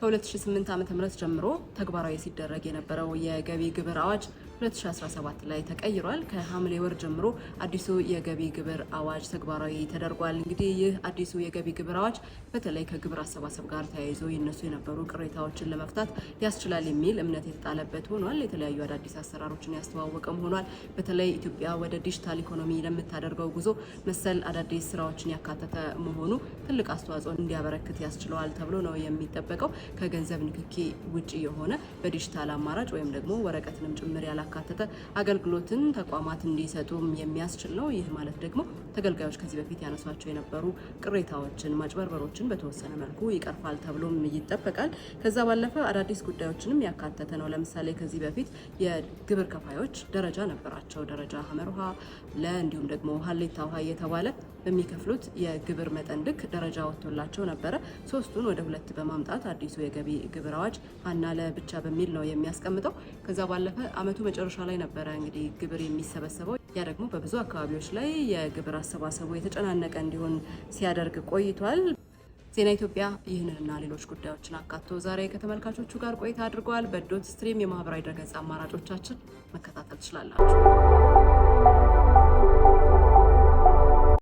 ከ2008 ዓ ም ጀምሮ ተግባራዊ ሲደረግ የነበረው የገቢ ግብር አዋጅ 2017 ላይ ተቀይሯል። ከሐምሌ ወር ጀምሮ አዲሱ የገቢ ግብር አዋጅ ተግባራዊ ተደርጓል። እንግዲህ ይህ አዲሱ የገቢ ግብር አዋጅ በተለይ ከግብር አሰባሰብ ጋር ተያይዞ ይነሱ የነበሩ ቅሬታዎችን ለመፍታት ያስችላል የሚል እምነት የተጣለበት ሆኗል። የተለያዩ አዳዲስ አሰራሮችን ያስተዋወቀም ሆኗል። በተለይ ኢትዮጵያ ወደ ዲጂታል ኢኮኖሚ ለምታደርገው ጉዞ መሰል አዳዲስ ስራዎችን ያካተተ መሆኑ ትልቅ አስተዋጽኦ እንዲያበረክት ያስችለዋል ተብሎ ነው የሚጠበቀው። ከገንዘብ ንክኪ ውጪ የሆነ በዲጂታል አማራጭ ወይም ደግሞ ወረቀትንም ጭምር ያላካተተ አገልግሎትን ተቋማት እንዲሰጡም የሚያስችል ነው። ይህ ማለት ደግሞ ተገልጋዮች ከዚህ በፊት ያነሷቸው የነበሩ ቅሬታዎችን፣ ማጭበርበሮችን በተወሰነ መልኩ ይቀርፋል ተብሎም ይጠበቃል። ከዛ ባለፈ አዳዲስ ጉዳዮችንም ያካተተ ነው። ለምሳሌ ከዚህ በፊት የግብር ከፋዮች ደረጃ ነበራቸው። ደረጃ ሀመር ውሃ ለ እንዲሁም ደግሞ ሀሌታ ውሃ እየተባለ በሚከፍሉት የግብር መጠን ልክ ደረጃ ወጥቶላቸው ነበረ። ሶስቱን ወደ ሁለት በማምጣት አዲሱ አዲሱ የገቢ ግብር አዋጅ ሀና ለብቻ በሚል ነው የሚያስቀምጠው። ከዛ ባለፈ አመቱ መጨረሻ ላይ ነበረ እንግዲህ ግብር የሚሰበሰበው። ያ ደግሞ በብዙ አካባቢዎች ላይ የግብር አሰባሰቡ የተጨናነቀ እንዲሆን ሲያደርግ ቆይቷል። ዜና ኢትዮጵያ ይህንንና ሌሎች ጉዳዮችን አካቶ ዛሬ ከተመልካቾቹ ጋር ቆይታ አድርገዋል። በዶት ስትሪም የማህበራዊ ድረገጽ አማራጮቻችን መከታተል ትችላላችሁ።